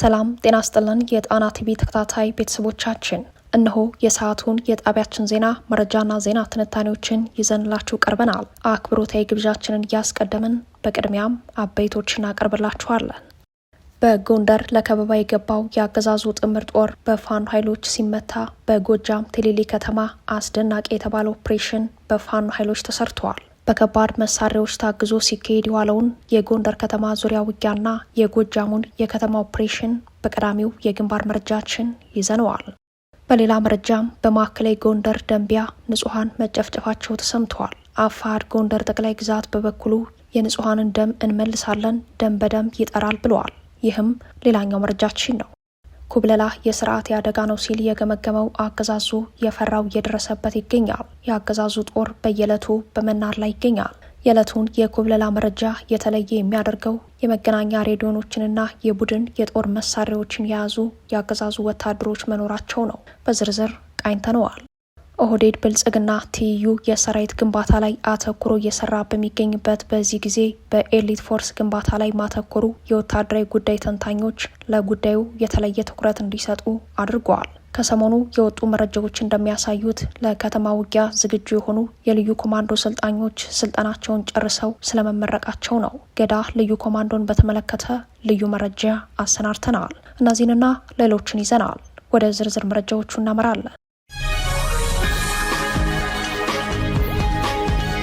ሰላም ጤና ስጥልን። የጣና ቲቪ ተከታታይ ቤተሰቦቻችን እነሆ የሰዓቱን የጣቢያችን ዜና መረጃና ዜና ትንታኔዎችን ይዘንላችሁ ቀርበናል። አክብሮታዊ ግብዣችንን እያስቀደምን በቅድሚያም አበይቶች እናቀርብላችኋለን። በጎንደር ለከበባ የገባው የአገዛዙ ጥምር ጦር በፋኖ ኃይሎች ሲመታ፣ በጎጃም ቴሌሌ ከተማ አስደናቂ የተባለ ኦፕሬሽን በፋኖ ኃይሎች ተሰርተዋል። በከባድ መሳሪያዎች ታግዞ ሲካሄድ የዋለውን የጎንደር ከተማ ዙሪያ ውጊያና የጎጃሙን የከተማ ኦፕሬሽን በቀዳሚው የግንባር መረጃችን ይዘነዋል። በሌላ መረጃም በማዕከላዊ ጎንደር ደንቢያ ንጹሐን መጨፍጨፋቸው ተሰምተዋል። አፋድ ጎንደር ጠቅላይ ግዛት በበኩሉ የንጹሐንን ደም እንመልሳለን፣ ደም በደም ይጠራል ብለዋል። ይህም ሌላኛው መረጃችን ነው። ኩብለላ የስርዓት ያደጋ ነው ሲል የገመገመው አገዛዙ የፈራው እየደረሰበት ይገኛል። የአገዛዙ ጦር በየዕለቱ በመናር ላይ ይገኛል። የዕለቱን የኩብለላ መረጃ የተለየ የሚያደርገው የመገናኛ ሬዲዮኖችንና የቡድን የጦር መሳሪያዎችን የያዙ የአገዛዙ ወታደሮች መኖራቸው ነው። በዝርዝር ቃኝተነዋል። ኦህዴድ ብልጽግና ትይዩ የሰራዊት ግንባታ ላይ አተኩሮ እየሰራ በሚገኝበት በዚህ ጊዜ በኤሊት ፎርስ ግንባታ ላይ ማተኮሩ የወታደራዊ ጉዳይ ተንታኞች ለጉዳዩ የተለየ ትኩረት እንዲሰጡ አድርገዋል። ከሰሞኑ የወጡ መረጃዎች እንደሚያሳዩት ለከተማ ውጊያ ዝግጁ የሆኑ የልዩ ኮማንዶ ሰልጣኞች ስልጠናቸውን ጨርሰው ስለመመረቃቸው ነው። ገዳ ልዩ ኮማንዶን በተመለከተ ልዩ መረጃ አሰናድተናል። እነዚህንና ሌሎችን ይዘናል። ወደ ዝርዝር መረጃዎቹ እናመራለን።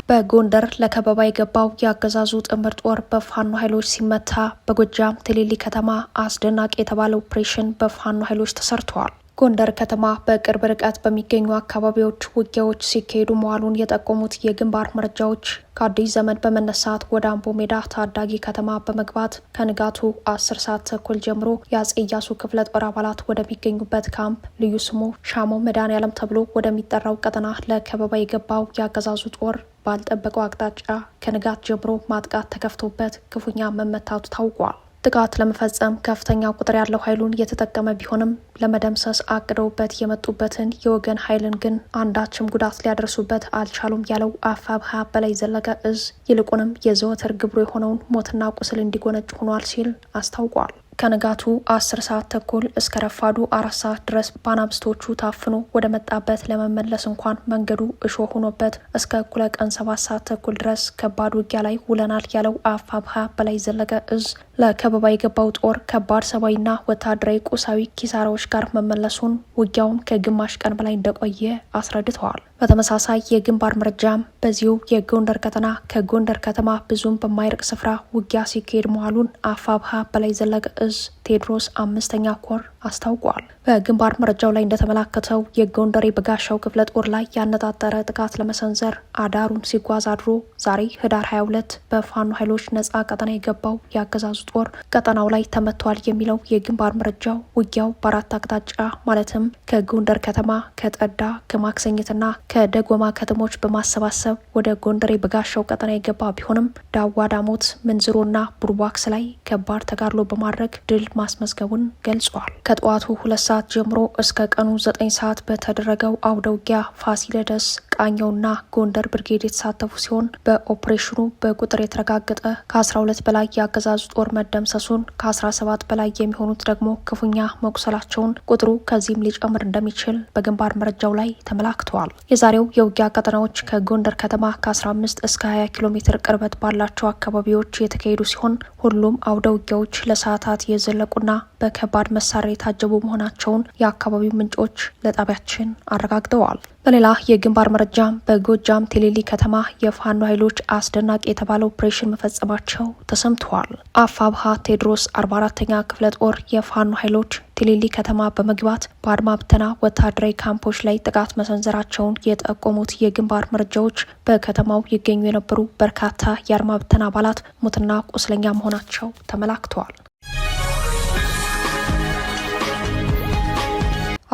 በጎንደር ለከበባ የገባው የአገዛዙ ጥምር ጦር በፋኖ ኃይሎች ሲመታ፣ በጎጃም ቴሌሊ ከተማ አስደናቂ የተባለ ኦፕሬሽን በፋኖ ኃይሎች ተሰርተዋል። ጎንደር ከተማ በቅርብ ርቀት በሚገኙ አካባቢዎች ውጊያዎች ሲካሄዱ መዋሉን የጠቆሙት የግንባር መረጃዎች ከአዲስ ዘመን በመነሳት ወደ አምቦ ሜዳ ታዳጊ ከተማ በመግባት ከንጋቱ አስር ሰዓት ተኩል ጀምሮ የአጼ እያሱ ክፍለ ጦር አባላት ወደሚገኙበት ካምፕ ልዩ ስሙ ሻሞ መድኃኔዓለም ተብሎ ወደሚጠራው ቀጠና ለከበባ የገባው የአገዛዙ ጦር ባልጠበቀው አቅጣጫ ከንጋት ጀምሮ ማጥቃት ተከፍቶበት ክፉኛ መመታቱ ታውቋል። ጥቃት ለመፈጸም ከፍተኛ ቁጥር ያለው ኃይሉን እየተጠቀመ ቢሆንም ለመደምሰስ አቅደውበት የመጡበትን የወገን ኃይልን ግን አንዳችም ጉዳት ሊያደርሱበት አልቻሉም ያለው አፋብሃ በላይ ዘለቀ እዝ ይልቁንም የዘወትር ግብሩ የሆነውን ሞትና ቁስል እንዲጎነጭ ሆኗል ሲል አስታውቋል። ከንጋቱ አስር ሰዓት ተኩል እስከ ረፋዱ አራት ሰዓት ድረስ ባናብስቶቹ ታፍኖ ወደ መጣበት ለመመለስ እንኳን መንገዱ እሾ ሆኖበት እስከ እኩለ ቀን ሰባት ሰዓት ተኩል ድረስ ከባድ ውጊያ ላይ ውለናል ያለው አፋብሃ በላይ ዘለቀ እዝ ለከበባ የገባው ጦር ከባድ ሰብአዊና ወታደራዊ ቁሳዊ ኪሳራዎች ጋር መመለሱን ውጊያውም ከግማሽ ቀን በላይ እንደቆየ አስረድተዋል። በተመሳሳይ የግንባር መረጃም በዚሁ የጎንደር ከተና ከጎንደር ከተማ ብዙም በማይርቅ ስፍራ ውጊያ ሲካሄድ መዋሉን አፋብሃ በላይ ዘለቀ እዝ ቴዎድሮስ አምስተኛ ኮር አስታውቋል። በግንባር መረጃው ላይ እንደተመላከተው የጎንደሬ በጋሻው ክፍለ ጦር ላይ ያነጣጠረ ጥቃት ለመሰንዘር አዳሩን ሲጓዝ አድሮ ዛሬ ህዳር 22 በፋኖ ኃይሎች ነጻ ቀጠና የገባው የአገዛዙ ጦር ቀጠናው ላይ ተመቷል የሚለው የግንባር መረጃው ውጊያው በአራት አቅጣጫ ማለትም ከጎንደር ከተማ፣ ከጠዳ፣ ከማክሰኝትና ከደጎማ ከተሞች በማሰባሰብ ወደ ጎንደሬ በጋሻው ቀጠና የገባ ቢሆንም ዳዋ ዳሞት፣ ምንዝሮና ቡርቧክስ ላይ ከባድ ተጋድሎ በማድረግ ድል ማስመዝገቡን ገልጿል። ከጠዋቱ ሁለት ሰዓት ጀምሮ እስከ ቀኑ ዘጠኝ ሰዓት በተደረገው አውደውጊያ ፋሲለደስ ቃኘውና ጎንደር ብርጌድ የተሳተፉ ሲሆን በኦፕሬሽኑ በቁጥር የተረጋገጠ ከ12 በላይ የአገዛዙ ጦር መደምሰሱን ከ17 በላይ የሚሆኑት ደግሞ ክፉኛ መቁሰላቸውን ቁጥሩ ከዚህም ሊጨምር እንደሚችል በግንባር መረጃው ላይ ተመላክተዋል። የዛሬው የውጊያ ቀጠናዎች ከጎንደር ከተማ ከ15 እስከ 20 ኪሎ ሜትር ቅርበት ባላቸው አካባቢዎች የተካሄዱ ሲሆን ሁሉም አውደ ውጊያዎች ለሰዓታት የዘለቁና በከባድ መሳሪያ የታጀቡ መሆናቸውን የአካባቢው ምንጮች ለጣቢያችን አረጋግጠዋል። በሌላ የግንባር መረጃ በጎጃም ቴሌሊ ከተማ የፋኖ ኃይሎች አስደናቂ የተባለ ኦፕሬሽን መፈጸማቸው ተሰምተዋል። አፋብሃ ቴዎድሮስ አርባ አራተኛ ክፍለ ጦር የፋኖ ኃይሎች ቴሌሊ ከተማ በመግባት በአድማ ብተና ወታደራዊ ካምፖች ላይ ጥቃት መሰንዘራቸውን የጠቆሙት የግንባር መረጃዎች በከተማው ይገኙ የነበሩ በርካታ የአድማ ብተና አባላት ሙትና ቁስለኛ መሆናቸው ተመላክተዋል።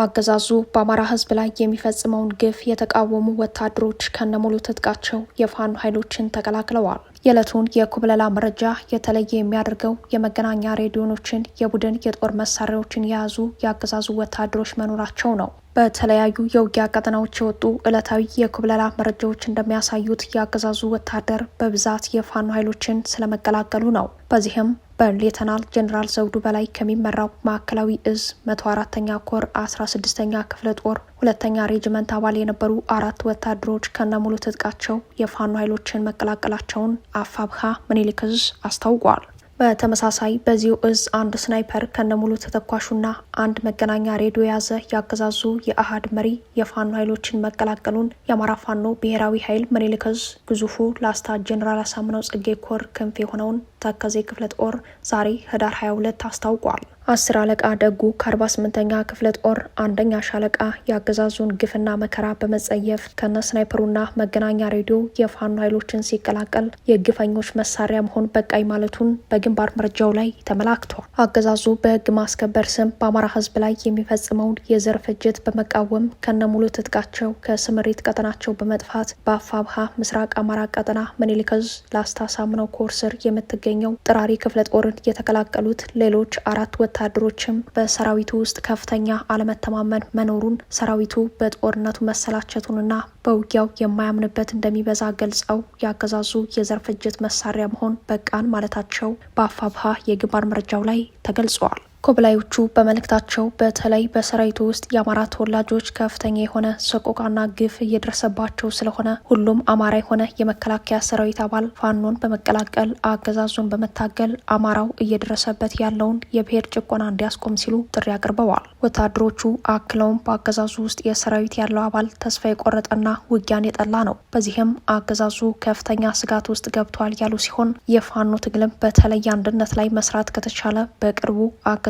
አገዛዙ በአማራ ሕዝብ ላይ የሚፈጽመውን ግፍ የተቃወሙ ወታደሮች ከነሙሉ ትጥቃቸው የፋኖ ኃይሎችን ተቀላቅለዋል። የዕለቱን የኩብለላ መረጃ የተለየ የሚያደርገው የመገናኛ ሬዲዮኖችን የቡድን የጦር መሳሪያዎችን የያዙ የአገዛዙ ወታደሮች መኖራቸው ነው። በተለያዩ የውጊያ ቀጠናዎች የወጡ ዕለታዊ የኩብለላ መረጃዎች እንደሚያሳዩት የአገዛዙ ወታደር በብዛት የፋኖ ኃይሎችን ስለመቀላቀሉ ነው። በዚህም በሌተናል ጀኔራል ዘውዱ በላይ ከሚመራው ማዕከላዊ እዝ መቶ አራተኛ ኮር አስራ ስድስተኛ ክፍለ ጦር ሁለተኛ ሬጅመንት አባል የነበሩ አራት ወታደሮች ከነሙሉ ትጥቃቸው የፋኖ ኃይሎችን መቀላቀላቸውን አፋብሃ ምኒልክ እዝ አስታውቋል። በተመሳሳይ በዚሁ እዝ አንድ ስናይፐር ከነሙሉ ተተኳሹና አንድ መገናኛ ሬዲዮ የያዘ ያገዛዙ የአሃድ መሪ የፋኖ ኃይሎችን መቀላቀሉን የአማራ ፋኖ ብሔራዊ ኃይል ምኒልክ እዝ ግዙፉ ላስታ ጀኔራል አሳምነው ጽጌ ኮር ክንፍ የሆነውን ተከዜ ክፍለ ጦር ዛሬ ህዳር 22 አስታውቋል። አስር አለቃ ደጉ ከ48ኛ ክፍለ ጦር አንደኛ ሻለቃ የአገዛዙን ግፍና መከራ በመጸየፍ ከነ ስናይፐሩና መገናኛ ሬዲዮ የፋኖ ኃይሎችን ሲቀላቀል የግፈኞች መሳሪያ መሆን በቃኝ ማለቱን በግንባር መረጃው ላይ ተመላክቷል። አገዛዙ በህግ ማስከበር ስም በአማራ ሕዝብ ላይ የሚፈጽመውን የዘር ፍጅት በመቃወም ከነ ሙሉ ትጥቃቸው ከስምሪት ቀጠናቸው በመጥፋት በአፋብሃ ምስራቅ አማራ ቀጠና መኔሊከዝ ላስታ ሳምነው ኮር ስር የምትገኘው ጥራሪ ክፍለ ጦርን የተቀላቀሉት ሌሎች አራት ወ ወታደሮችም በሰራዊቱ ውስጥ ከፍተኛ አለመተማመን መኖሩን ሰራዊቱ በጦርነቱ መሰላቸቱንና በውጊያው የማያምንበት እንደሚበዛ ገልጸው ያገዛዙ የዘርፍ ፍጅት መሳሪያ መሆን በቃን ማለታቸው በአፋብሃ የግንባር መረጃው ላይ ተገልጸዋል። ኮብላዮቹ በመልእክታቸው በተለይ በሰራዊቱ ውስጥ የአማራ ተወላጆች ከፍተኛ የሆነ ሰቆቃና ግፍ እየደረሰባቸው ስለሆነ ሁሉም አማራ የሆነ የመከላከያ ሰራዊት አባል ፋኖን በመቀላቀል አገዛዙን በመታገል አማራው እየደረሰበት ያለውን የብሔር ጭቆና እንዲያስቆም ሲሉ ጥሪ አቅርበዋል። ወታደሮቹ አክለውም በአገዛዙ ውስጥ የሰራዊት ያለው አባል ተስፋ የቆረጠና ውጊያን የጠላ ነው። በዚህም አገዛዙ ከፍተኛ ስጋት ውስጥ ገብቷል ያሉ ሲሆን የፋኖ ትግልም በተለይ አንድነት ላይ መስራት ከተቻለ በቅርቡ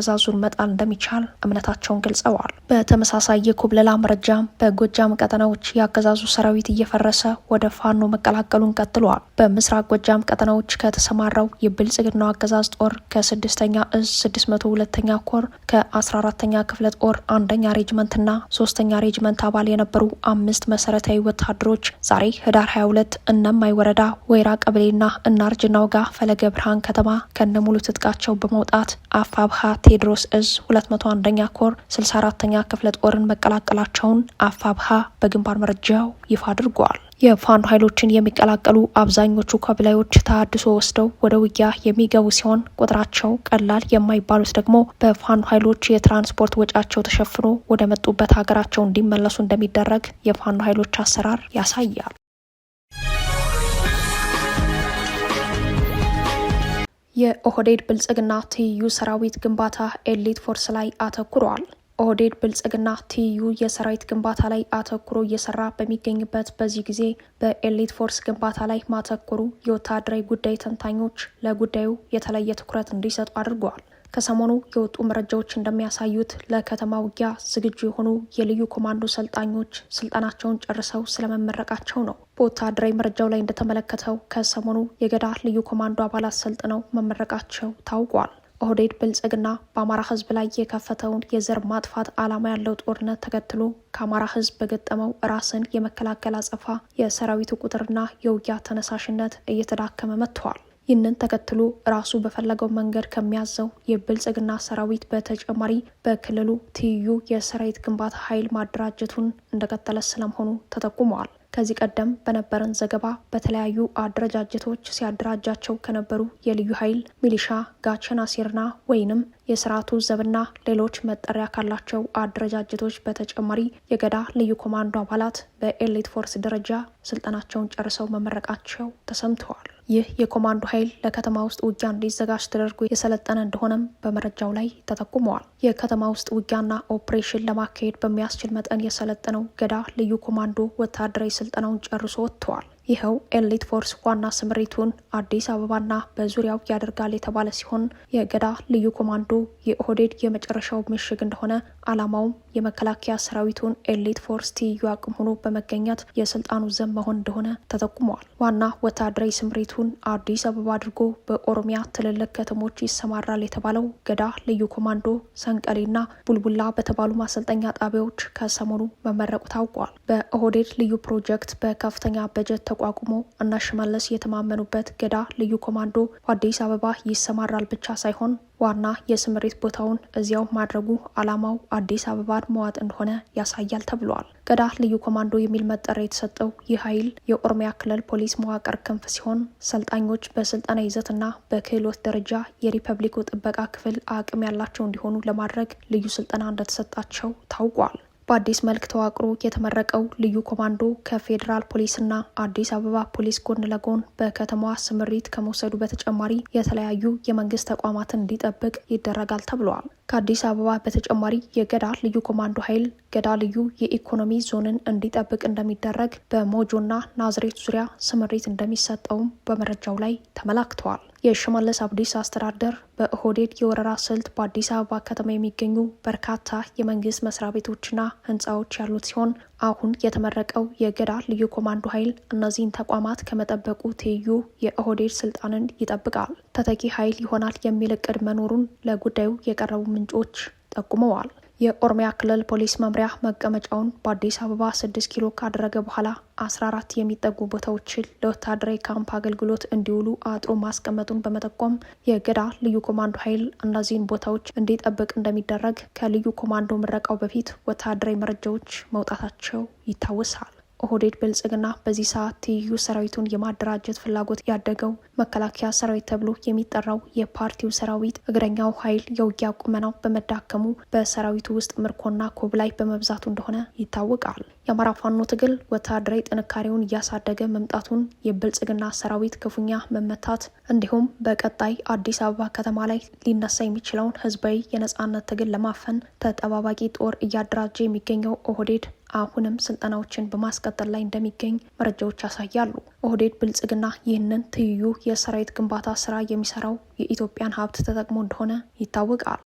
አገዛዙን መጣል እንደሚቻል እምነታቸውን ገልጸዋል። በተመሳሳይ የኮብለላ መረጃም በጎጃም ቀጠናዎች የአገዛዙ ሰራዊት እየፈረሰ ወደ ፋኖ መቀላቀሉን ቀጥሏል። በምስራቅ ጎጃም ቀጠናዎች ከተሰማራው የብልጽግናው አገዛዝ ጦር ከስድስተኛ እዝ ስድስት መቶ ሁለተኛ ኮር ከአስራ አራተኛ ክፍለ ጦር አንደኛ ሬጅመንትና ሶስተኛ ሬጅመንት አባል የነበሩ አምስት መሰረታዊ ወታደሮች ዛሬ ህዳር 22 እነማይ ወረዳ ወይራ ቀበሌና ጋር ፈለገ ብርሃን ከተማ ከነሙሉ ትጥቃቸው በመውጣት አፋብሃ ቴዎድሮስ እዝ 201ኛ ኮር 64ኛ ክፍለ ጦርን መቀላቀላቸውን አፋብሃ በግንባር መረጃው ይፋ አድርጓል። የፋኖ ኃይሎችን የሚቀላቀሉ አብዛኞቹ ከብላዮች ተሃድሶ ወስደው ወደ ውጊያ የሚገቡ ሲሆን ቁጥራቸው ቀላል የማይባሉት ደግሞ በፋኖ ኃይሎች የትራንስፖርት ወጪያቸው ተሸፍኖ ወደ መጡበት ሀገራቸው እንዲመለሱ እንደሚደረግ የፋኖ ኃይሎች አሰራር ያሳያል። የኦህዴድ ብልጽግና ትይዩ ሰራዊት ግንባታ ኤሊት ፎርስ ላይ አተኩረዋል። ኦህዴድ ብልጽግና ትይዩ የሰራዊት ግንባታ ላይ አተኩሮ እየሰራ በሚገኝበት በዚህ ጊዜ በኤሊት ፎርስ ግንባታ ላይ ማተኮሩ የወታደራዊ ጉዳይ ተንታኞች ለጉዳዩ የተለየ ትኩረት እንዲሰጡ አድርገዋል። ከሰሞኑ የወጡ መረጃዎች እንደሚያሳዩት ለከተማ ውጊያ ዝግጁ የሆኑ የልዩ ኮማንዶ ሰልጣኞች ስልጠናቸውን ጨርሰው ስለመመረቃቸው ነው። በወታደራዊ መረጃው ላይ እንደተመለከተው ከሰሞኑ የገዳ ልዩ ኮማንዶ አባላት ሰልጥነው መመረቃቸው ታውቋል። ኦህዴድ ብልጽግና በአማራ ሕዝብ ላይ የከፈተውን የዘር ማጥፋት ዓላማ ያለው ጦርነት ተከትሎ ከአማራ ሕዝብ በገጠመው ራስን የመከላከል አጸፋ የሰራዊቱ ቁጥርና የውጊያ ተነሳሽነት እየተዳከመ መጥተዋል። ይህንን ተከትሎ ራሱ በፈለገው መንገድ ከሚያዘው የብልጽግና ሰራዊት በተጨማሪ በክልሉ ትይዩ የሰራዊት ግንባታ ኃይል ማደራጀቱን እንደቀጠለ ስለመሆኑ ተጠቁመዋል። ከዚህ ቀደም በነበረን ዘገባ በተለያዩ አደረጃጀቶች ሲያደራጃቸው ከነበሩ የልዩ ኃይል ሚሊሻ፣ ጋቸና ሲርና ወይንም የስርዓቱ ዘብና ሌሎች መጠሪያ ካላቸው አደረጃጀቶች በተጨማሪ የገዳ ልዩ ኮማንዶ አባላት በኤሊት ፎርስ ደረጃ ስልጠናቸውን ጨርሰው መመረቃቸው ተሰምተዋል። ይህ የኮማንዶ ኃይል ለከተማ ውስጥ ውጊያ እንዲዘጋጅ ተደርጎ የሰለጠነ እንደሆነም በመረጃው ላይ ተጠቁመዋል። የከተማ ውስጥ ውጊያና ኦፕሬሽን ለማካሄድ በሚያስችል መጠን የሰለጠነው ገዳ ልዩ ኮማንዶ ወታደራዊ ስልጠናውን ጨርሶ ወጥተዋል። ይኸው ኤሊት ፎርስ ዋና ስምሪቱን አዲስ አበባና በዙሪያው ያደርጋል የተባለ ሲሆን የገዳ ልዩ ኮማንዶ የኦህዴድ የመጨረሻው ምሽግ እንደሆነ ዓላማውም የመከላከያ ሰራዊቱን ኤሊት ፎርስ ትይዩ አቅም ሆኖ በመገኘት የስልጣኑ ዘብ መሆን እንደሆነ ተጠቁመዋል። ዋና ወታደራዊ ስምሪቱን አዲስ አበባ አድርጎ በኦሮሚያ ትልልቅ ከተሞች ይሰማራል የተባለው ገዳ ልዩ ኮማንዶ ሰንቀሌና ቡልቡላ በተባሉ ማሰልጠኛ ጣቢያዎች ከሰሞኑ መመረቁ ታውቋል። በኦህዴድ ልዩ ፕሮጀክት በከፍተኛ በጀት ተቋቁሞ እነሽ የተማመኑበት ገዳ ልዩ ኮማንዶ አዲስ አበባ ይሰማራል ብቻ ሳይሆን ዋና የስምሪት ቦታውን እዚያው ማድረጉ ዓላማው አዲስ አበባን መዋጥ እንደሆነ ያሳያል ተብሏል። ገዳ ልዩ ኮማንዶ የሚል መጠሪያ የተሰጠው ይህ ኃይል የኦሮሚያ ክልል ፖሊስ መዋቅር ክንፍ ሲሆን ሰልጣኞች በስልጠና ይዘትና በክህሎት ደረጃ የሪፐብሊኩ ጥበቃ ክፍል አቅም ያላቸው እንዲሆኑ ለማድረግ ልዩ ስልጠና እንደተሰጣቸው ታውቋል። በአዲስ መልክ ተዋቅሮ የተመረቀው ልዩ ኮማንዶ ከፌዴራል ፖሊስና አዲስ አበባ ፖሊስ ጎን ለጎን በከተማዋ ስምሪት ከመውሰዱ በተጨማሪ የተለያዩ የመንግስት ተቋማትን እንዲጠብቅ ይደረጋል ተብለዋል። ከአዲስ አበባ በተጨማሪ የገዳ ልዩ ኮማንዶ ኃይል ገዳ ልዩ የኢኮኖሚ ዞንን እንዲጠብቅ እንደሚደረግ በሞጆና ናዝሬት ዙሪያ ስምሪት እንደሚሰጠውም በመረጃው ላይ ተመላክተዋል። የሽመለስ አብዲስ አስተዳደር በኦህዴድ የወረራ ስልት በአዲስ አበባ ከተማ የሚገኙ በርካታ የመንግስት መስሪያ ቤቶችና ህንፃዎች ያሉት ሲሆን አሁን የተመረቀው የገዳ ልዩ ኮማንዶ ኃይል እነዚህን ተቋማት ከመጠበቁ ትይዩ የኦህዴድ ስልጣንን ይጠብቃል፣ ተተኪ ኃይል ይሆናል የሚል እቅድ መኖሩን ለጉዳዩ የቀረቡ ምንጮች ጠቁመዋል። የኦሮሚያ ክልል ፖሊስ መምሪያ መቀመጫውን በአዲስ አበባ ስድስት ኪሎ ካደረገ በኋላ አስራ አራት የሚጠጉ ቦታዎችን ለወታደራዊ ካምፕ አገልግሎት እንዲውሉ አጥሮ ማስቀመጡን በመጠቆም የገዳ ልዩ ኮማንዶ ኃይል እነዚህን ቦታዎች እንዲጠብቅ እንደሚደረግ ከልዩ ኮማንዶ ምረቃው በፊት ወታደራዊ መረጃዎች መውጣታቸው ይታወሳል። ኦህዴድ ብልጽግና በዚህ ሰዓት ትይዩ ሰራዊቱን የማደራጀት ፍላጎት ያደገው መከላከያ ሰራዊት ተብሎ የሚጠራው የፓርቲው ሰራዊት እግረኛው ኃይል የውጊያ ቁመናው በመዳከሙ በሰራዊቱ ውስጥ ምርኮና ኮብ ላይ በመብዛቱ እንደሆነ ይታወቃል። የአማራ ፋኖ ትግል ወታደራዊ ጥንካሬውን እያሳደገ መምጣቱን የብልጽግና ሰራዊት ክፉኛ መመታት እንዲሁም በቀጣይ አዲስ አበባ ከተማ ላይ ሊነሳ የሚችለውን ህዝባዊ የነጻነት ትግል ለማፈን ተጠባባቂ ጦር እያደራጀ የሚገኘው ኦህዴድ አሁንም ስልጠናዎችን በማስቀጠል ላይ እንደሚገኝ መረጃዎች ያሳያሉ። ኦህዴድ ብልጽግና ይህንን ትይዩ የሰራዊት ግንባታ ስራ የሚሰራው የኢትዮጵያን ሀብት ተጠቅሞ እንደሆነ ይታወቃል።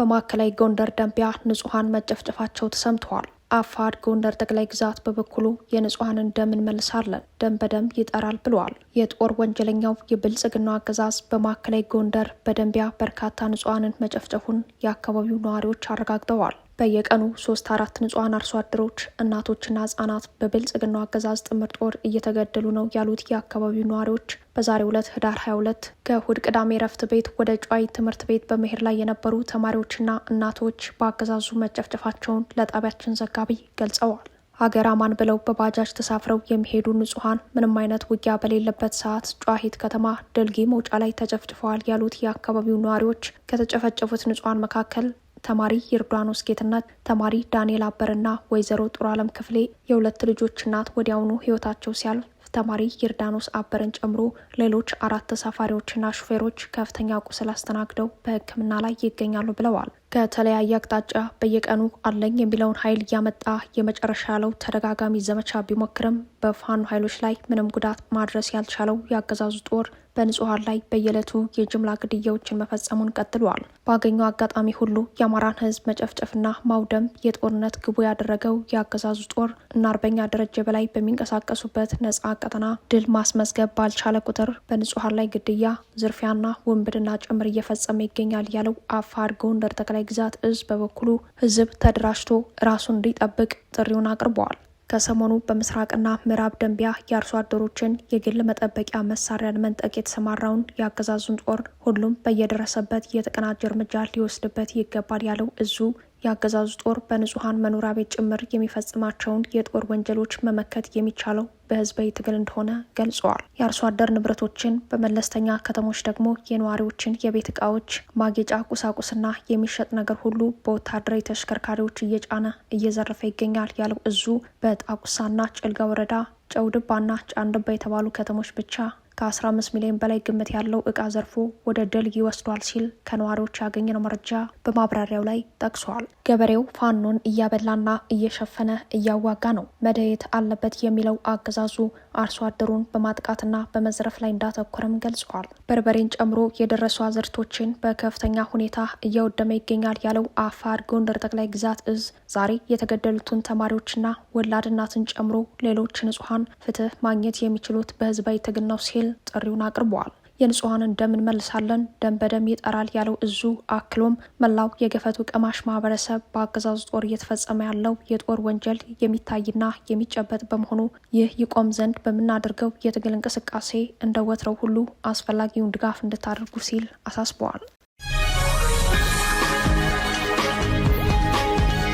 በማዕከላዊ ጎንደር ደንቢያ ንጹሐን መጨፍጨፋቸው ተሰምተዋል። አፋድ ጎንደር ጠቅላይ ግዛት በበኩሉ የንጹሐንን ደም እንመልሳለን፣ ደም በደም ይጠራል ብለዋል። የጦር ወንጀለኛው የብልጽግናው አገዛዝ በማዕከላዊ ጎንደር በደንቢያ በርካታ ንጹሐንን መጨፍጨፉን የአካባቢው ነዋሪዎች አረጋግጠዋል። በየቀኑ ሶስት አራት ንጹሐን አርሶ አደሮች እናቶችና ህጻናት በብልጽግናው አገዛዝ ጥምር ጦር እየተገደሉ ነው ያሉት የአካባቢው ነዋሪዎች በዛሬው ዕለት ህዳር 22 ከእሁድ ቅዳሜ ረፍት ቤት ወደ ጨዋይ ትምህርት ቤት በመሄድ ላይ የነበሩ ተማሪዎችና እናቶች በአገዛዙ መጨፍጨፋቸውን ለጣቢያችን ዘጋቢ ገልጸዋል። ሀገር አማን ብለው በባጃጅ ተሳፍረው የሚሄዱ ንጹሐን ምንም አይነት ውጊያ በሌለበት ሰዓት ጨዋሂት ከተማ ደልጌ መውጫ ላይ ተጨፍጭፈዋል ያሉት የአካባቢው ነዋሪዎች ከተጨፈጨፉት ንጹሐን መካከል ተማሪ ይርዳኖስ ጌትነት፣ ተማሪ ዳንኤል አበርና ወይዘሮ ጥሩ አለም ክፍሌ የሁለት ልጆች እናት ወዲያውኑ ህይወታቸው ሲያልፍ ተማሪ የርዳኖስ አበርን ጨምሮ ሌሎች አራት ተሳፋሪዎችና ሹፌሮች ከፍተኛ ቁስል አስተናግደው በሕክምና ላይ ይገኛሉ ብለዋል። ከተለያየ አቅጣጫ በየቀኑ አለኝ የሚለውን ኃይል እያመጣ የመጨረሻ ያለው ተደጋጋሚ ዘመቻ ቢሞክርም በፋኖ ኃይሎች ላይ ምንም ጉዳት ማድረስ ያልቻለው የአገዛዙ ጦር በንጹሐን ላይ በየዕለቱ የጅምላ ግድያዎችን መፈጸሙን ቀጥሏል። ባገኘው አጋጣሚ ሁሉ የአማራን ሕዝብ መጨፍጨፍና ማውደም የጦርነት ግቡ ያደረገው የአገዛዙ ጦር እና አርበኛ ደረጀ በላይ በሚንቀሳቀሱበት ነጻ ቀጠና ድል ማስመዝገብ ባልቻለ ቁጥር በንጹሐን ላይ ግድያ፣ ዝርፊያና ውንብድና ጭምር እየፈጸመ ይገኛል ያለው አፋር ጎንደር ጠቅላይ የኦሮሚያ ግዛት እዝ በበኩሉ ህዝብ ተደራጅቶ ራሱን እንዲጠብቅ ጥሪውን አቅርበዋል። ከሰሞኑ በምስራቅና ምዕራብ ደንቢያ የአርሶ አደሮችን የግል መጠበቂያ መሳሪያ መንጠቅ የተሰማራውን የአገዛዙን ጦር ሁሉም በየደረሰበት የተቀናጀ እርምጃ ሊወስድበት ይገባል ያለው እዙ የአገዛዙ ጦር በንጹሐን መኖሪያ ቤት ጭምር የሚፈጽማቸውን የጦር ወንጀሎች መመከት የሚቻለው በህዝባዊ ትግል እንደሆነ ገልጸዋል። የአርሶ አደር ንብረቶችን በመለስተኛ ከተሞች ደግሞ የነዋሪዎችን የቤት እቃዎች፣ ማጌጫ ቁሳቁስና የሚሸጥ ነገር ሁሉ በወታደራዊ ተሽከርካሪዎች እየጫነ እየዘረፈ ይገኛል ያለው እዙ በጣቁሳና ጭልጋ ወረዳ ጨውድባና ጫንድባ የተባሉ ከተሞች ብቻ ከ15 ሚሊዮን በላይ ግምት ያለው እቃ ዘርፎ ወደ ድል ይወስዷል ሲል ከነዋሪዎች ያገኘነው መረጃ በማብራሪያው ላይ ጠቅሷል። ገበሬው ፋኖን እያበላና እየሸፈነ እያዋጋ ነው። መደየት አለበት የሚለው አገዛዙ አርሶ አደሩን በማጥቃትና በመዝረፍ ላይ እንዳተኮረም ገልጿል። በርበሬን ጨምሮ የደረሱ አዝርቶችን በከፍተኛ ሁኔታ እያወደመ ይገኛል ያለው አፋር ጎንደር ጠቅላይ ግዛት እዝ ዛሬ የተገደሉትን ተማሪዎችና ወላድ እናትን ጨምሮ ሌሎች ንጹሐን ፍትህ ማግኘት የሚችሉት በህዝባዊ ትግል ነው ሲል ሲል ጥሪውን አቅርበዋል። የንጹሐንን ደም እንመልሳለን፣ ደም በደም ይጠራል ያለው እዙ አክሎም መላው የገፈቱ ቀማሽ ማህበረሰብ በአገዛዙ ጦር እየተፈጸመ ያለው የጦር ወንጀል የሚታይና የሚጨበጥ በመሆኑ ይህ ይቆም ዘንድ በምናደርገው የትግል እንቅስቃሴ እንደ ወትረው ሁሉ አስፈላጊውን ድጋፍ እንድታደርጉ ሲል አሳስበዋል።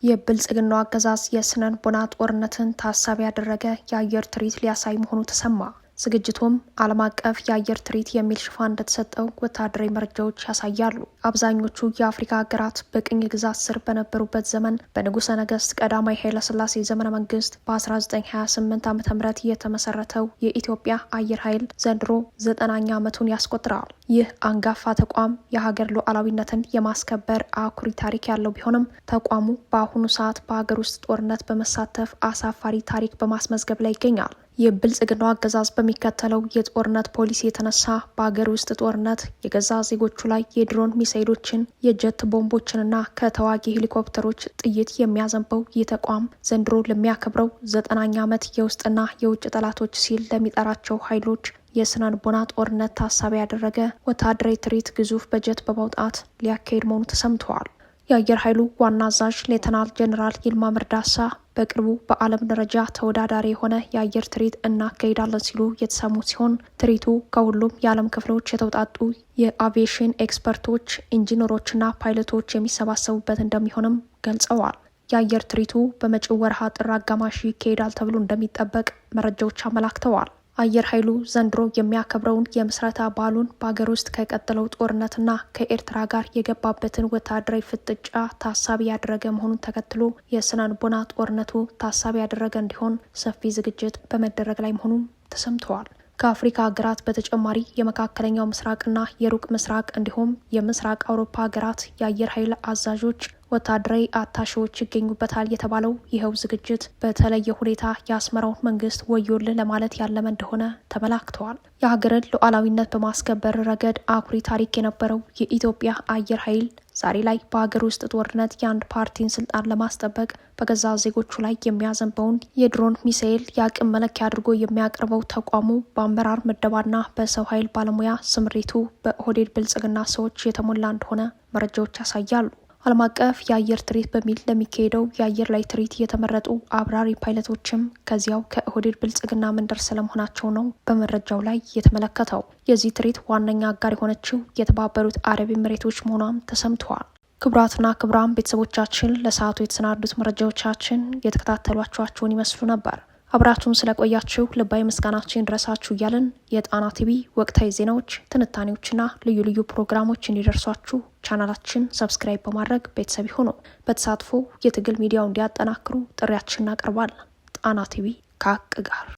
የብልጽግናው አገዛዝ የስነን ቦና ጦርነትን ታሳቢ ያደረገ የአየር ትርኢት ሊያሳይ መሆኑ ተሰማ። ዝግጅቱም ዓለም አቀፍ የአየር ትርኢት የሚል ሽፋን እንደተሰጠው ወታደራዊ መረጃዎች ያሳያሉ። አብዛኞቹ የአፍሪካ ሀገራት በቅኝ ግዛት ስር በነበሩበት ዘመን በንጉሠ ነገሥት ቀዳማዊ ኃይለሥላሴ ዘመነ መንግስት በ1928 ዓ ም የተመሰረተው የኢትዮጵያ አየር ኃይል ዘንድሮ ዘጠናኛ ዓመቱን ያስቆጥረዋል። ይህ አንጋፋ ተቋም የሀገር ሉዓላዊነትን የማስከበር አኩሪ ታሪክ ያለው ቢሆንም ተቋሙ በአሁኑ ሰዓት በሀገር ውስጥ ጦርነት በመሳተፍ አሳፋሪ ታሪክ በማስመዝገብ ላይ ይገኛል። የብልጽግናው አገዛዝ በሚከተለው የጦርነት ፖሊሲ የተነሳ በአገር ውስጥ ጦርነት የገዛ ዜጎቹ ላይ የድሮን ሚሳይሎችን፣ የጀት ቦምቦችንና ከተዋጊ ሄሊኮፕተሮች ጥይት የሚያዘንበው ይህ ተቋም ዘንድሮ ለሚያከብረው ዘጠናኛ ዓመት የውስጥና የውጭ ጠላቶች ሲል ለሚጠራቸው ኃይሎች የስነ ልቦና ጦርነት ታሳቢ ያደረገ ወታደራዊ ትርኢት ግዙፍ በጀት በማውጣት ሊያካሄድ መሆኑ ተሰምተዋል። የአየር ኃይሉ ዋና አዛዥ ሌተናል ጀኔራል ይልማ መርዳሳ በቅርቡ በዓለም ደረጃ ተወዳዳሪ የሆነ የአየር ትርኢት እናካሄዳለን ሲሉ የተሰሙ ሲሆን ትርኢቱ ከሁሉም የዓለም ክፍሎች የተውጣጡ የአቪዬሽን ኤክስፐርቶች፣ ኢንጂነሮችና ፓይለቶች የሚሰባሰቡበት እንደሚሆንም ገልጸዋል። የአየር ትርኢቱ በመጪው ወርሃ ጥር አጋማሽ ይካሄዳል ተብሎ እንደሚጠበቅ መረጃዎች አመላክተዋል። አየር ኃይሉ ዘንድሮ የሚያከብረውን የምስረታ በዓሉን በአገር ውስጥ ከቀጠለው ጦርነትና ከኤርትራ ጋር የገባበትን ወታደራዊ ፍጥጫ ታሳቢ ያደረገ መሆኑን ተከትሎ የስነልቦና ጦርነቱ ታሳቢ ያደረገ እንዲሆን ሰፊ ዝግጅት በመደረግ ላይ መሆኑም ተሰምተዋል። ከአፍሪካ ሀገራት በተጨማሪ የመካከለኛው ምስራቅና የሩቅ ምስራቅ እንዲሁም የምስራቅ አውሮፓ ሀገራት የአየር ኃይል አዛዦች ወታደራዊ አታሼዎች ይገኙበታል የተባለው ይኸው ዝግጅት በተለየ ሁኔታ የአስመራውን መንግስት ወዮል ለማለት ያለመ እንደሆነ ተመላክተዋል። የሀገርን ሉዓላዊነት በማስከበር ረገድ አኩሪ ታሪክ የነበረው የኢትዮጵያ አየር ኃይል ዛሬ ላይ በሀገር ውስጥ ጦርነት የአንድ ፓርቲን ስልጣን ለማስጠበቅ በገዛ ዜጎቹ ላይ የሚያዘንበውን የድሮን ሚሳኤል የአቅም መለኪያ አድርጎ የሚያቀርበው ተቋሙ በአመራር ምደባና በሰው ኃይል ባለሙያ ስምሪቱ በኦህዴድ ብልጽግና ሰዎች የተሞላ እንደሆነ መረጃዎች ያሳያሉ። ዓለም አቀፍ የአየር ትርኢት በሚል ለሚካሄደው የአየር ላይ ትርኢት የተመረጡ አብራሪ ፓይለቶችም ከዚያው ከኦህዴድ ብልጽግና መንደር ስለመሆናቸው ነው በመረጃው ላይ የተመለከተው። የዚህ ትርኢት ዋነኛ አጋር የሆነችው የተባበሩት አረብ ኤሚሬቶች መሆኗም ተሰምተዋል። ክቡራትና ክቡራን ቤተሰቦቻችን ለሰዓቱ የተሰናዱት መረጃዎቻችን የተከታተሏቸኋቸውን ይመስሉ ነበር። አብራችሁን ስለቆያችሁ ልባዊ ምስጋናችን ድረሳችሁ እያለን የጣና ቲቪ ወቅታዊ ዜናዎች፣ ትንታኔዎችና ልዩ ልዩ ፕሮግራሞች እንዲደርሷችሁ ቻናላችን ሰብስክራይብ በማድረግ ቤተሰብ ሆኖ በተሳትፎ የትግል ሚዲያው እንዲያጠናክሩ ጥሪያችን እናቀርባለን። ጣና ቲቪ ከሀቅ ጋር